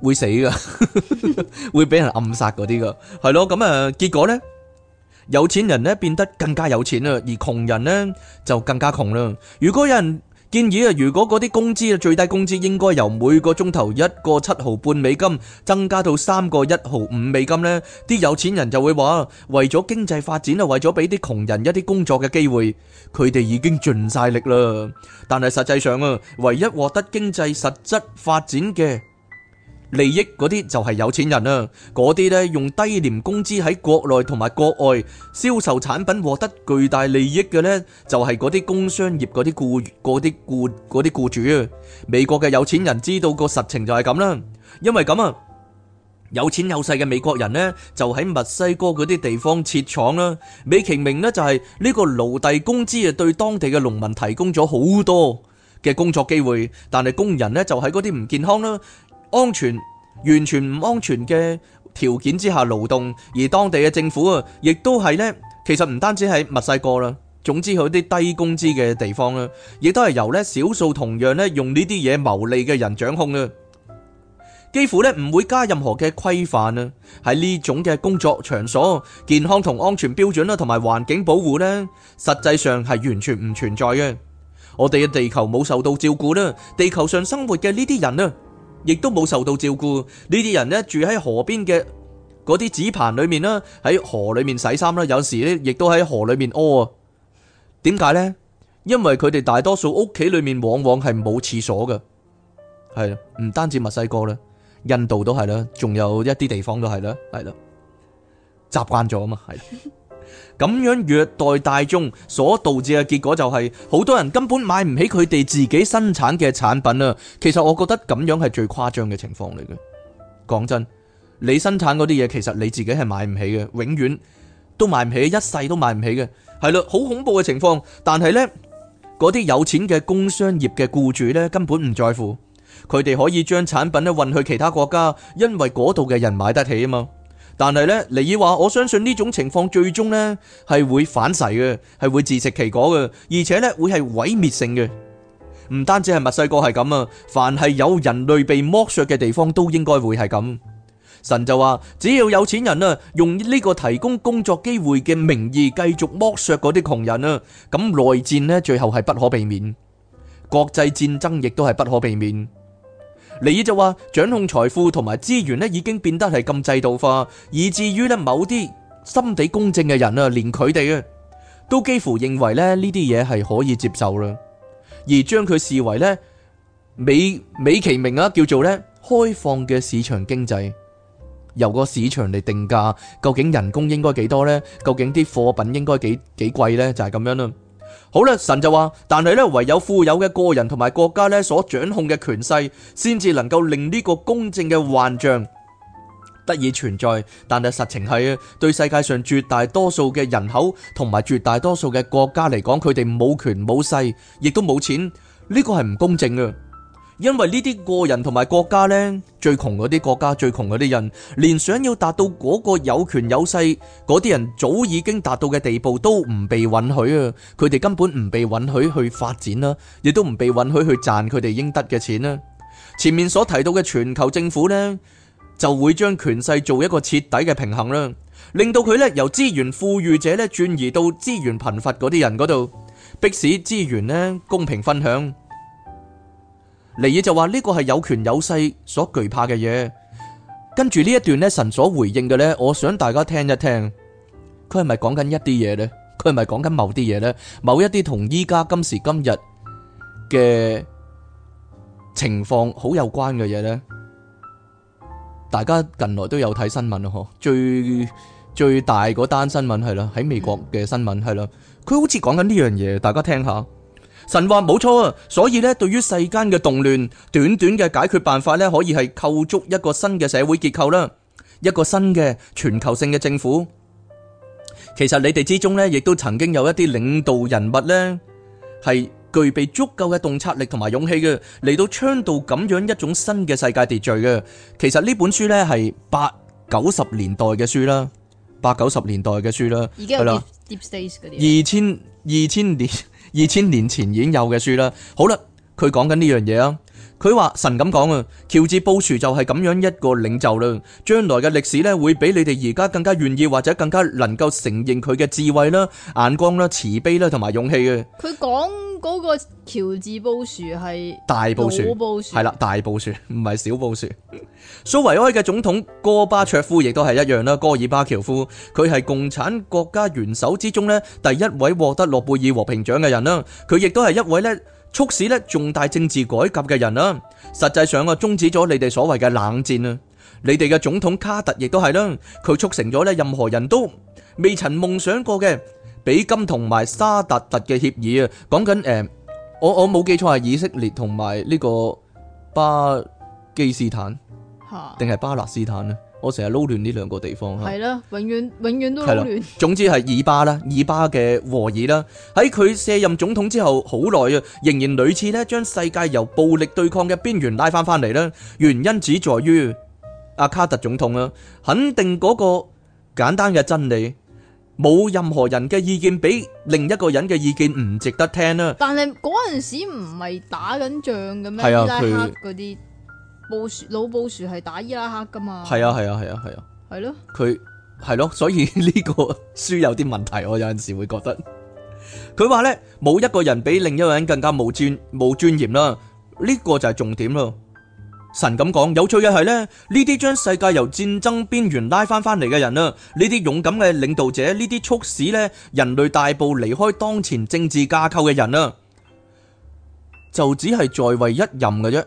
會死噶，會俾人暗殺嗰啲噶，係咯。咁啊，結果咧，有錢人咧變得更加有錢啦，而窮人咧就更加窮啦。如果有人建議啊，如果嗰啲工資啊，最低工資應該由每個鐘頭一個七毫半美金增加到三個一毫五美金，呢啲有錢人就會話，為咗經濟發展啊，為咗俾啲窮人一啲工作嘅機會，佢哋已經盡晒力啦。但係實際上啊，唯一獲得經濟實質發展嘅利益嗰啲就係有錢人啊，嗰啲呢用低廉工資喺國內同埋國外銷售產品獲得巨大利益嘅呢，就係嗰啲工商業嗰啲雇、嗰啲雇、嗰啲雇主啊。美國嘅有錢人知道個實情就係咁啦，因為咁啊，有錢有勢嘅美國人呢就喺墨西哥嗰啲地方設廠啦。美其名呢就係呢個奴隸工資啊，對當地嘅農民提供咗好多嘅工作機會，但係工人呢就喺嗰啲唔健康啦。安全，完全唔安全嘅條件之下勞動，而當地嘅政府啊，亦都係呢。其實唔單止係墨西哥啦，總之佢啲低工資嘅地方啦，亦都係由呢少數同樣呢用呢啲嘢牟利嘅人掌控啊。幾乎呢唔會加任何嘅規範啊，喺呢種嘅工作場所健康同安全標準啦，同埋環境保護呢，實際上係完全唔存在嘅。我哋嘅地球冇受到照顧啦，地球上生活嘅呢啲人啦。亦都冇受到照顧，呢啲人呢住喺河邊嘅嗰啲紙棚裏面啦，喺河裏面洗衫啦，有時呢，亦都喺河裏面屙。點解呢？因為佢哋大多數屋企裏面往往係冇廁所嘅，係，唔單止墨西哥啦，印度都係啦，仲有一啲地方都係啦，係啦，習慣咗啊嘛，係。咁樣虐待大眾所導致嘅結果就係，好多人根本買唔起佢哋自己生產嘅產品啦，啊。其實我覺得咁樣係最誇張嘅情況嚟嘅。講真，你生產嗰啲嘢，其實你自己係買唔起嘅，永遠都買唔起，一世都買唔起嘅。係啦，好恐怖嘅情況。但係呢，嗰啲有錢嘅工商業嘅僱主呢，根本唔在乎，佢哋可以將產品呢運去其他國家，因為嗰度嘅人買得起啊嘛。但係呢，尼爾話：我相信呢種情況最終呢係會反噬嘅，係會自食其果嘅，而且呢會係毀滅性嘅。唔單止係墨西哥係咁啊，凡係有人類被剝削嘅地方，都應該會係咁。神就話：只要有錢人啊，用呢個提供工作機會嘅名義繼續剝削嗰啲窮人啊，咁內戰呢最後係不可避免，國際戰爭亦都係不可避免。你就話掌控財富同埋資源咧，已經變得係咁制度化，以至於咧某啲心地公正嘅人啊，連佢哋啊都幾乎認為咧呢啲嘢係可以接受啦，而將佢視為咧美美其名啊，叫做咧開放嘅市場經濟，由個市場嚟定價，究竟人工應該幾多呢？究竟啲貨品應該幾幾貴咧？就係咁樣咯。好啦，神就話，但係咧唯有富有嘅個人同埋國家咧所掌控嘅權勢，先至能夠令呢個公正嘅幻象得以存在。但係實情係，對世界上絕大多數嘅人口同埋絕大多數嘅國家嚟講，佢哋冇權冇勢，亦都冇錢，呢個係唔公正嘅。因為呢啲個人同埋國家呢，最窮嗰啲國家、最窮嗰啲人，連想要達到嗰個有權有勢嗰啲人早已經達到嘅地步都唔被允許啊！佢哋根本唔被允許去發展啦，亦都唔被允許去賺佢哋應得嘅錢啦。前面所提到嘅全球政府呢，就會將權勢做一個徹底嘅平衡啦，令到佢呢由資源富裕者呢轉移到資源貧乏嗰啲人嗰度，迫使資源呢公平分享。尼爾就話呢個係有權有勢所懼怕嘅嘢，跟住呢一段咧神所回應嘅咧，我想大家聽一聽，佢係咪講緊一啲嘢咧？佢係咪講緊某啲嘢咧？某一啲同依家今時今日嘅情況好有關嘅嘢咧？大家近來都有睇新聞咯，嗬？最最大嗰單新聞係啦，喺美國嘅新聞係啦，佢好似講緊呢樣嘢，大家聽下。神話冇錯啊，所以咧，對於世間嘅動亂，短短嘅解決辦法咧，可以係構築一個新嘅社會結構啦，一個新嘅全球性嘅政府。其實你哋之中咧，亦都曾經有一啲領導人物咧，係具備足夠嘅洞察力同埋勇氣嘅，嚟到倡導咁樣一種新嘅世界秩序嘅。其實呢本書咧係八九十年代嘅書啦，八九十年代嘅書啦，係咯，Deep State 嗰啲，二千二千年。 二千年前已經有嘅書啦，好啦，佢講緊呢樣嘢啊。佢話神咁講啊，喬治布殊就係咁樣一個領袖啦，將來嘅歷史呢，會比你哋而家更加願意或者更加能夠承認佢嘅智慧啦、眼光啦、慈悲啦同埋勇氣嘅。佢講嗰個喬治布殊係大布殊，係啦大布殊，唔係小布殊。蘇 維埃嘅總統戈巴卓夫亦都係一樣啦，戈爾巴喬夫，佢係共產國家元首之中呢第一位獲得諾貝爾和平獎嘅人啦，佢亦都係一位呢。促使咧重大政治改革嘅人啦，實際上啊終止咗你哋所謂嘅冷戰啊，你哋嘅總統卡特亦都係啦，佢促成咗咧任何人都未曾夢想過嘅比金同埋沙達特嘅協議啊，講緊誒，我我冇記錯係，以色列同埋呢個巴基斯坦，吓定係巴勒斯坦啊。我成日撈亂呢兩個地方吓，係啦，永遠永遠都撈亂。總之係以巴啦，以巴嘅和解啦。喺佢卸任總統之後好耐啊，仍然屢次咧將世界由暴力對抗嘅邊緣拉翻翻嚟啦。原因只在於阿卡特總統啊，肯定嗰個簡單嘅真理，冇任何人嘅意見比另一個人嘅意見唔值得聽啦。但係嗰陣時唔係打緊仗噉樣？伊拉克嗰啲。布殊，老布殊係打伊拉克噶嘛？係啊係啊係啊係啊，係咯佢係咯，所以呢個書有啲問題，我有陣時會覺得佢話咧，冇一個人比另一個人更加冇尊冇尊嚴啦，呢個就係重點咯。神咁講，有趣嘅係咧，呢啲將世界由戰爭邊緣拉翻翻嚟嘅人啦，呢啲勇敢嘅領導者，呢啲促使咧人類大步離開當前政治架構嘅人啦，就只係在位一任嘅啫。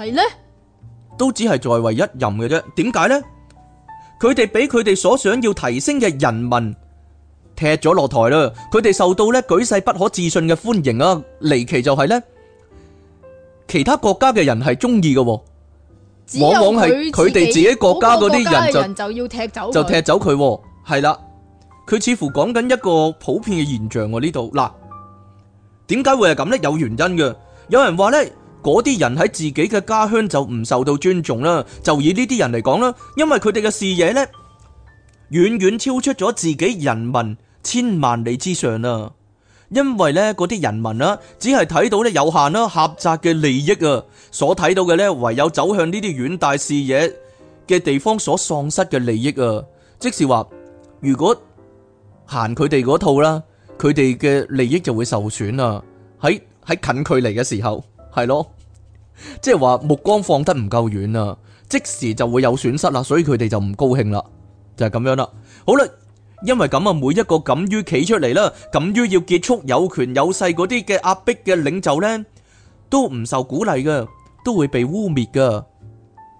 係咧，都只係在位一任嘅啫。點解咧？佢哋俾佢哋所想要提升嘅人民踢咗落台啦。佢哋受到咧舉世不可置信嘅歡迎啊！離奇就係咧，其他國家嘅人係中意嘅，往往係佢哋自己國家嗰啲人就就要踢走，就踢走佢。係啦，佢似乎講緊一個普遍嘅現象喎。呢度嗱，點解會係咁咧？有原因嘅。有人話咧。嗰啲人喺自己嘅家鄉就唔受到尊重啦。就以呢啲人嚟講啦，因為佢哋嘅視野咧遠遠超出咗自己人民千萬里之上啊。因為咧，嗰啲人民啦，只係睇到咧有限啦，狹窄嘅利益啊，所睇到嘅咧唯有走向呢啲遠大視野嘅地方所喪失嘅利益啊。即是話，如果行佢哋嗰套啦，佢哋嘅利益就會受損啊。喺喺近距離嘅時候。係咯，即係話目光放得唔夠遠啊，即時就會有損失啦，所以佢哋就唔高興啦，就係咁樣啦。好啦，因為咁啊，每一個敢於企出嚟啦，敢於要結束有權有勢嗰啲嘅壓迫嘅領袖咧，都唔受鼓勵噶，都會被污衊噶。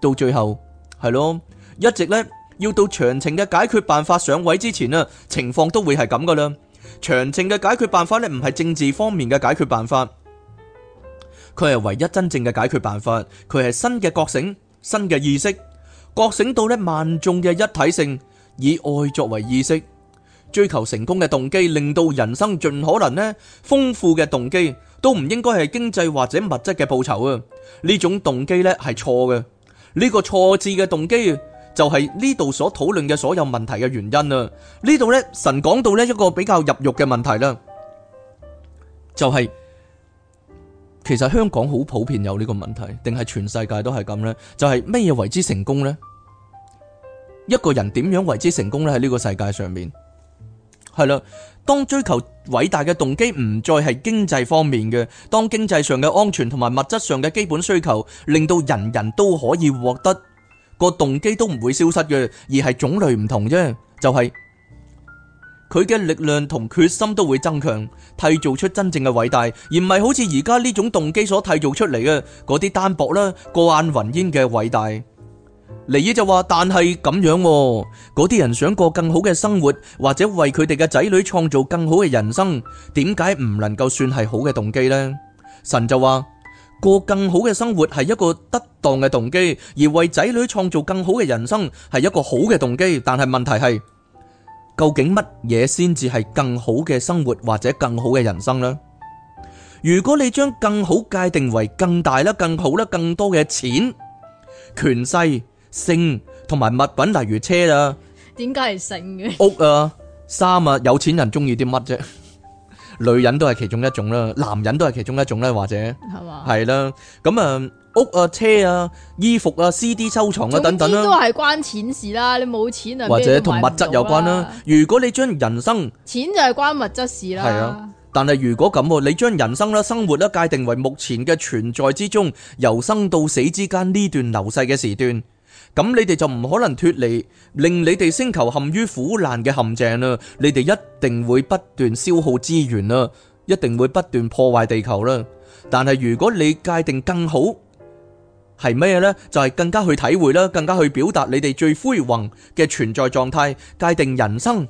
到最後係咯，一直咧要到長程嘅解決辦法上位之前啊，情況都會係咁噶啦。長程嘅解決辦法咧，唔係政治方面嘅解決辦法。佢係唯一真正嘅解決辦法，佢係新嘅覺醒，新嘅意識，覺醒到咧萬眾嘅一體性，以愛作為意識，追求成功嘅動機，令到人生盡可能咧豐富嘅動機，都唔應該係經濟或者物質嘅報酬啊！呢種動機咧係錯嘅，呢個錯置嘅動機就係呢度所討論嘅所有問題嘅原因啦。呢度咧神講到咧一個比較入肉嘅問題啦，就係。其實香港好普遍有呢個問題，定係全世界都係咁呢？就係咩嘢為之成功呢？一個人點樣為之成功呢？喺呢個世界上面係啦。當追求偉大嘅動機唔再係經濟方面嘅，當經濟上嘅安全同埋物質上嘅基本需求令到人人都可以獲得，個動機都唔會消失嘅，而係種類唔同啫。就係。佢嘅力量同決心都會增強，締造出真正嘅偉大，而唔係好似而家呢種動機所締造出嚟嘅嗰啲單薄啦、過眼雲煙嘅偉大。尼爾就話：但係咁樣，嗰啲人想過更好嘅生活，或者為佢哋嘅仔女創造更好嘅人生，點解唔能夠算係好嘅動機呢？神就話：過更好嘅生活係一個得當嘅動機，而為仔女創造更好嘅人生係一個好嘅動機。但係問題係。究竟乜嘢先至係更好嘅生活或者更好嘅人生呢？如果你將更好界定為更大咧、更好咧、更多嘅錢、權勢、性同埋物品，例如車啊，點解係性嘅？屋啊、衫啊，有錢人中意啲乜啫？女人都係其中一種啦，男人都係其中一種咧，或者係嘛？係啦，咁啊。屋啊、車啊、衣服啊、CD 收藏啊等等啦，總之都係關錢事啦。你冇錢啊，或者同物質有關啦。如果你將人生，錢就係關物質事啦。係啊，但係如果咁，你將人生啦、生活啦界定為目前嘅存在之中，由生到死之間呢段流逝嘅時段，咁你哋就唔可能脱離，令你哋星球陷於苦難嘅陷阱啦。你哋一定會不斷消耗資源啦，一定會不斷破壞地球啦。但係如果你界定更好。係咩呢？就係、是，更加去體會啦，更加去表達你哋最輝煌嘅存在狀態，界定人生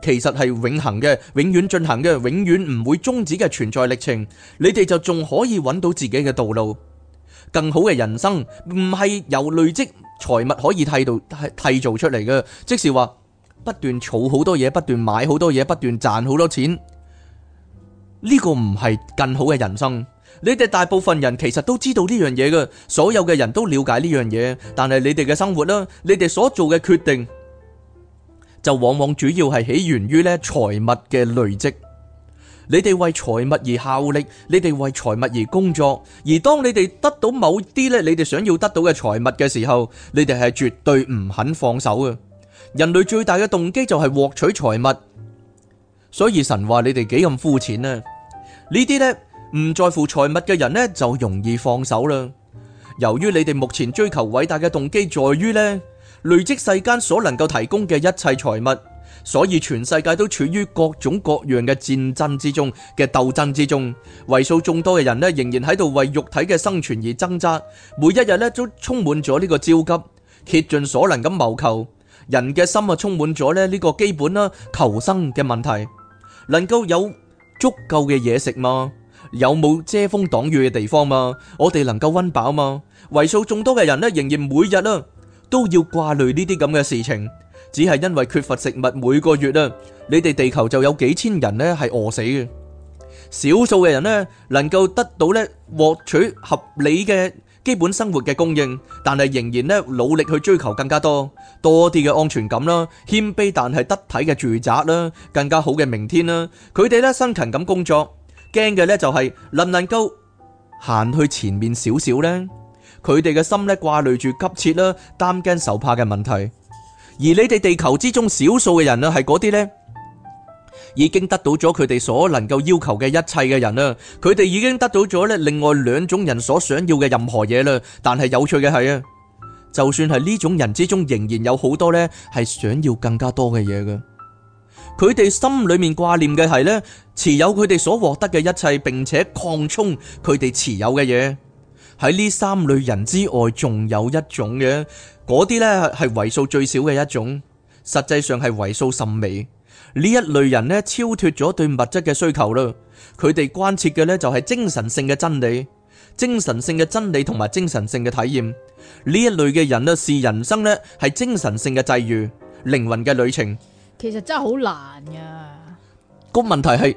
其實係永恒嘅，永遠進行嘅，永遠唔會終止嘅存在歷程。你哋就仲可以揾到自己嘅道路，更好嘅人生唔係由累積財物可以替度替造出嚟嘅，即是話不斷儲好多嘢，不斷買好多嘢，不斷賺好多錢，呢、這個唔係更好嘅人生。你哋大部分人其實都知道呢樣嘢嘅，所有嘅人都了解呢樣嘢，但係你哋嘅生活啦，你哋所做嘅決定就往往主要係起源於咧財物嘅累積。你哋為財物而效力，你哋為財物而工作，而當你哋得到某啲咧你哋想要得到嘅財物嘅時候，你哋係絕對唔肯放手嘅。人類最大嘅動機就係獲取財物，所以神話你哋幾咁膚淺啊！呢啲咧。唔在乎財物嘅人呢，就容易放手啦。由於你哋目前追求偉大嘅動機在於呢，累積世間所能夠提供嘅一切財物。所以全世界都處於各種各樣嘅戰爭之中嘅鬥爭之中。為數眾多嘅人呢，仍然喺度為肉體嘅生存而掙扎。每一日呢，都充滿咗呢個焦急，竭盡所能咁謀求。人嘅心啊充滿咗呢個基本啦，求生嘅問題。能夠有足夠嘅嘢食嘛。有冇遮風擋雨嘅地方嘛？我哋能夠溫飽嘛？為數眾多嘅人呢，仍然每日啊都要掛慮呢啲咁嘅事情，只係因為缺乏食物。每個月啊，你哋地球就有幾千人呢係餓死嘅。少數嘅人呢，能夠得到呢獲取合理嘅基本生活嘅供應，但係仍然呢努力去追求更加多多啲嘅安全感啦、謙卑但係得體嘅住宅啦、更加好嘅明天啦。佢哋呢，辛勤咁工作，驚嘅咧就係能唔能夠行去前面少少咧？佢哋嘅心咧，掛慮住急切啦、擔驚受怕嘅問題。而你哋地球之中少數嘅人啦，係嗰啲咧已經得到咗佢哋所能夠要求嘅一切嘅人啦。佢哋已經得到咗咧，另外兩種人所想要嘅任何嘢啦。但係有趣嘅係啊，就算係呢種人之中，仍然有好多咧係想要更加多嘅嘢嘅。佢哋心裏面掛念嘅係咧。持有佢哋所獲得嘅一切，並且擴充佢哋持有嘅嘢。喺呢三類人之外，仲有一種嘅，嗰啲呢，係為數最少嘅一種，實際上係為數甚微。呢一類人呢，超脫咗對物質嘅需求啦，佢哋關切嘅呢，就係精神性嘅真理、精神性嘅真理同埋精神性嘅體驗。呢一類嘅人呢，是人生呢，係精神性嘅際遇、靈魂嘅旅程。其實真係好難呀、啊！個問題係。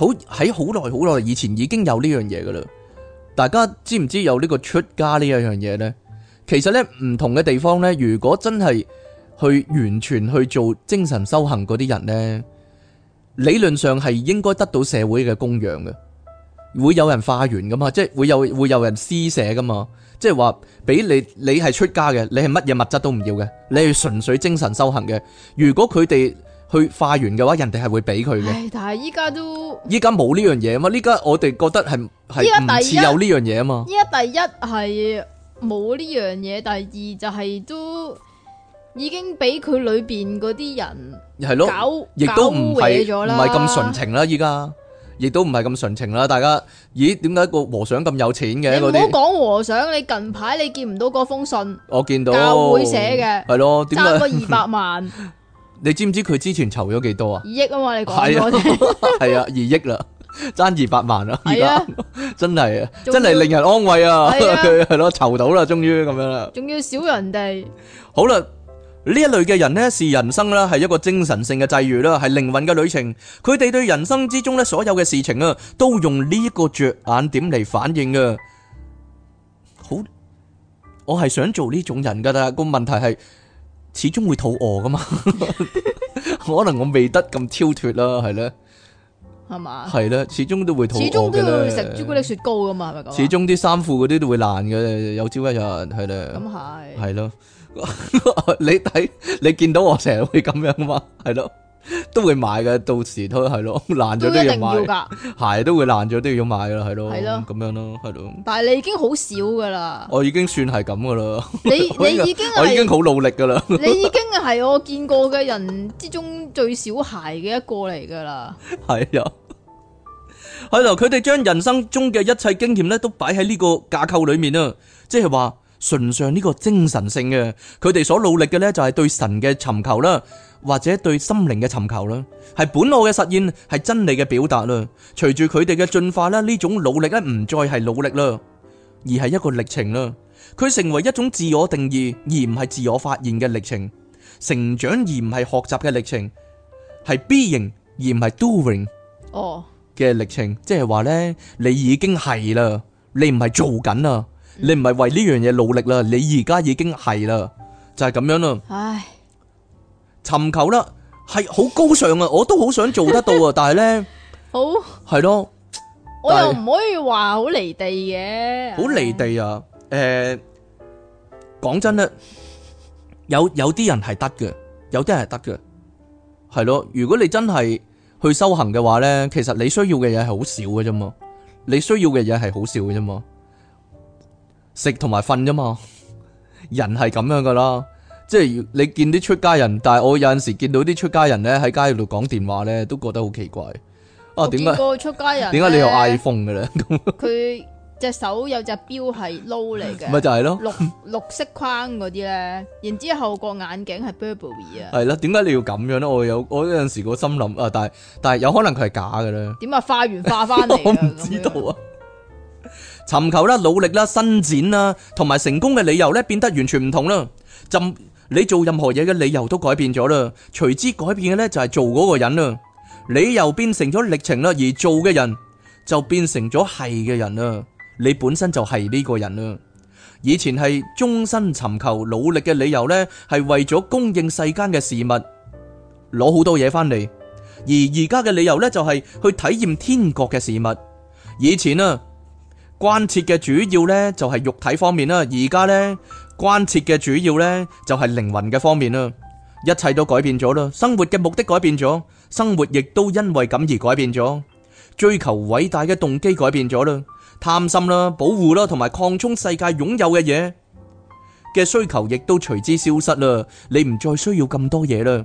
好喺，好耐好耐以前已經有呢樣嘢噶啦，大家知唔知有呢個出家呢一樣嘢呢？其實呢，唔同嘅地方呢，如果真係去完全去做精神修行嗰啲人呢，理論上係應該得到社會嘅供養嘅，會有人化緣噶嘛，即係會有會有人施捨噶嘛，即係話俾你，你係出家嘅，你係乜嘢物質都唔要嘅，你係純粹精神修行嘅，如果佢哋。去化緣嘅話，人哋係會俾佢嘅。但係依家都，依家冇呢樣嘢啊嘛！依家我哋覺得係係唔似有呢樣嘢啊嘛！依家第一係冇呢樣嘢，第二就係都已經俾佢裏邊嗰啲人，係咯，亦都唔係唔係咁純情啦。依家亦都唔係咁純情啦。大家咦？點解個和尚咁有錢嘅？你唔好講和尚，你近排你見唔到嗰封信？我見到教會寫嘅，係咯，點解賺咗二百萬。你知唔知佢之前籌咗幾多啊？二億啊嘛，你講係啊，二億啦，爭二百萬啦，而家真係啊，真係令人安慰啊，係咯，籌到啦，終於咁樣啦。仲要少人哋。好啦，呢一類嘅人呢，是人生啦，係一個精神性嘅際遇啦，係靈魂嘅旅程。佢哋對人生之中咧所有嘅事情啊，都用呢一個着眼點嚟反應嘅。好，我係想做呢種人噶，但係個問題係。始終會肚餓噶嘛， 可能我未得咁超脫啦，係咧，係嘛吧，係咧，始終都會肚餓，始終都要食朱古力雪糕噶嘛，咪始終啲衫褲嗰啲都會爛嘅，有朝一日係咧，咁係，係咯是，是的 你睇，你見到我成日會咁樣噶嘛，係咯。都會買嘅，到時都係咯，爛咗都要買。都要鞋都會爛咗都要買噶，係咯，係咯了，咁樣咯，係咯。但係你已經好少噶啦，我已經算係咁噶啦。你你已經係我已經好努力噶啦。你已經係我，我見過嘅人之中最少鞋嘅一個嚟噶啦。係啊， 係咯，佢哋將人生中嘅一切經驗咧，都擺喺呢個架構裏面啊，即係話崇尚呢個精神性嘅，佢哋所努力嘅咧就係對神嘅尋求啦。或者對心靈嘅尋求啦，係本我嘅實現，係真理嘅表達啦。隨住佢哋嘅進化啦，呢種努力咧唔再係努力啦，而係一個歷程啦。佢成為一種自我定義而唔係自我發現嘅歷程，成長而唔係學習嘅歷程，係 Being 而唔係 Doing。哦嘅歷程，oh. 即係話呢，你已經係啦，你唔係做緊啦、oh.，你唔係為呢樣嘢努力啦，你而家已經係啦，就係、是、咁樣啦。Oh. 唉。尋求啦，係好高尚啊！我都好想做得到啊，但係咧，好，係咯，我又唔可以話好離地嘅，好離地啊！誒，講真咧，有有啲人係得嘅，有啲人係得嘅，係咯。如果你真係去修行嘅話咧，其實你需要嘅嘢係好少嘅啫嘛，你需要嘅嘢係好少嘅啫嘛，食同埋瞓啫嘛，人係咁樣噶啦。即係你見啲出家人，但係我有陣時見到啲出家人咧，喺街度講電話咧，都覺得好奇怪。啊，點解？出家人，點解你有 iPhone 嘅咧？佢隻手有隻錶係 low 嚟嘅，咪就係咯。綠綠色框嗰啲咧，然之後個眼鏡係 Burberry 啊。係啦，點解你要咁樣咧？我有我有陣時個心諗啊，但係但係有可能佢係假嘅咧。點啊？化完化翻嚟。我唔知道啊。尋求啦，努力啦，伸展啦，同埋成功嘅理由咧，變得完全唔同啦。咁。你做任何嘢嘅理由都改變咗啦，隨之改變嘅呢，就係做嗰個人啦，理由變成咗歷程啦，而做嘅人就變成咗係嘅人啦。你本身就係呢個人啦，以前係終身尋求努力嘅理由呢，係為咗供應世間嘅事物，攞好多嘢翻嚟，而而家嘅理由呢，就係去體驗天國嘅事物。以前啊，關切嘅主要呢，就係肉體方面啦，而家呢。關切嘅主要呢，就係靈魂嘅方面啦。一切都改變咗啦，生活嘅目的改變咗，生活亦都因為咁而改變咗。追求偉大嘅動機改變咗啦，貪心啦、保護啦同埋擴充世界擁有嘅嘢嘅需求，亦都隨之消失啦。你唔再需要咁多嘢啦，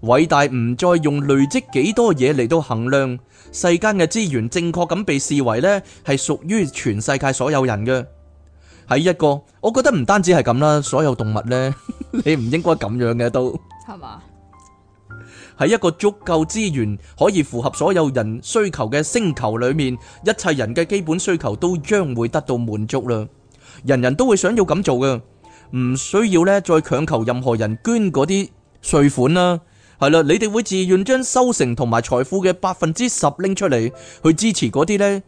偉大唔再用累積幾多嘢嚟到衡量世間嘅資源，正確咁被視為呢，係屬於全世界所有人嘅。喺一個，我覺得唔單止係咁啦，所有動物咧，你唔應該咁樣嘅都係嘛？喺一個足夠資源可以符合所有人需求嘅星球裏面，一切人嘅基本需求都將會得到滿足啦。人人都會想要咁做嘅，唔需要咧再強求任何人捐嗰啲稅款啦。係啦，你哋會自願將收成同埋財富嘅百分之十拎出嚟去支持嗰啲咧。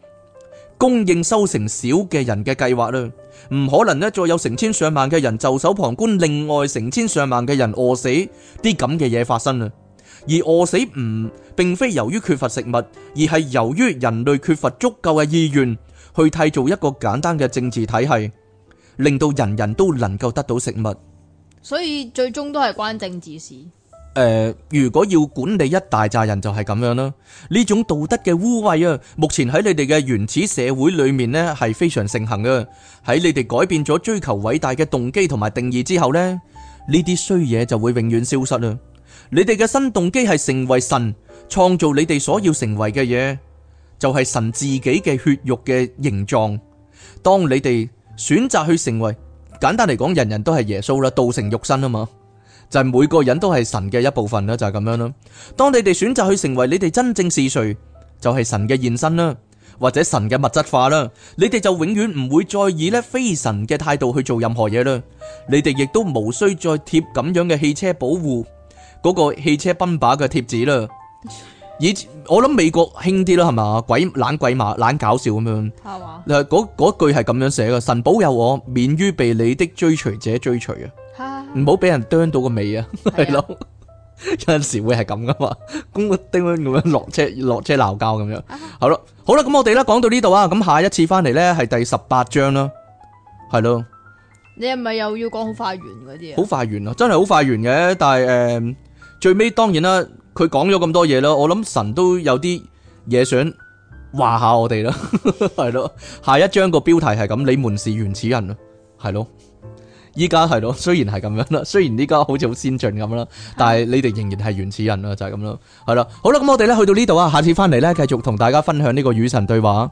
供應收成少嘅人嘅計劃啦，唔可能呢再有成千上萬嘅人袖手旁觀，另外成千上萬嘅人餓死啲咁嘅嘢發生啦。而餓死唔並非由於缺乏食物，而係由於人類缺乏足夠嘅意願去締造一個簡單嘅政治體系，令到人人都能夠得到食物。所以最終都係關政治事。誒，如果要管理一大扎人就係咁樣啦，呢種道德嘅污穢啊，目前喺你哋嘅原始社會裏面呢係非常盛行嘅。喺你哋改變咗追求偉大嘅動機同埋定義之後呢，呢啲衰嘢就會永遠消失啦。你哋嘅新動機係成為神，創造你哋所要成為嘅嘢，就係神自己嘅血肉嘅形狀。當你哋選擇去成為，簡單嚟講，人人都係耶穌啦，道成肉身啊嘛。就係每個人都係神嘅一部分啦，就係咁樣啦。當你哋選擇去成為你哋真正是誰，就係神嘅現身啦，或者神嘅物質化啦，你哋就永遠唔會再以咧非神嘅態度去做任何嘢啦。你哋亦都無需再貼咁樣嘅汽車保護嗰個汽車奔把嘅貼紙啦。以我諗美國興啲啦，係嘛，鬼懶鬼馬懶搞笑咁樣。係嘛嗱，嗰嗰句係咁樣寫嘅：神保佑我，免於被你的追隨者追隨啊！唔好俾人啄到個尾啊，係咯，有陣時會係咁噶嘛，咁個叮叮咁樣落車，落車鬧交咁樣，好啦，好啦，咁我哋咧講到呢度啊，咁下一次翻嚟咧係第十八章啦，係咯，你係咪又要講好快完嗰啲啊？好快完啊，真係好快完嘅，但係誒，最尾當然啦，佢講咗咁多嘢啦，我諗神都有啲嘢想話下我哋啦，係咯，下一章個標題係咁，你們是原始人咯，係咯。依家係咯，雖然係咁樣啦，雖然依家好似好先進咁啦，但係你哋仍然係原始人啦，就係咁啦，係啦，好啦，咁我哋咧去到呢度啊，下次翻嚟咧繼續同大家分享呢個與神對話。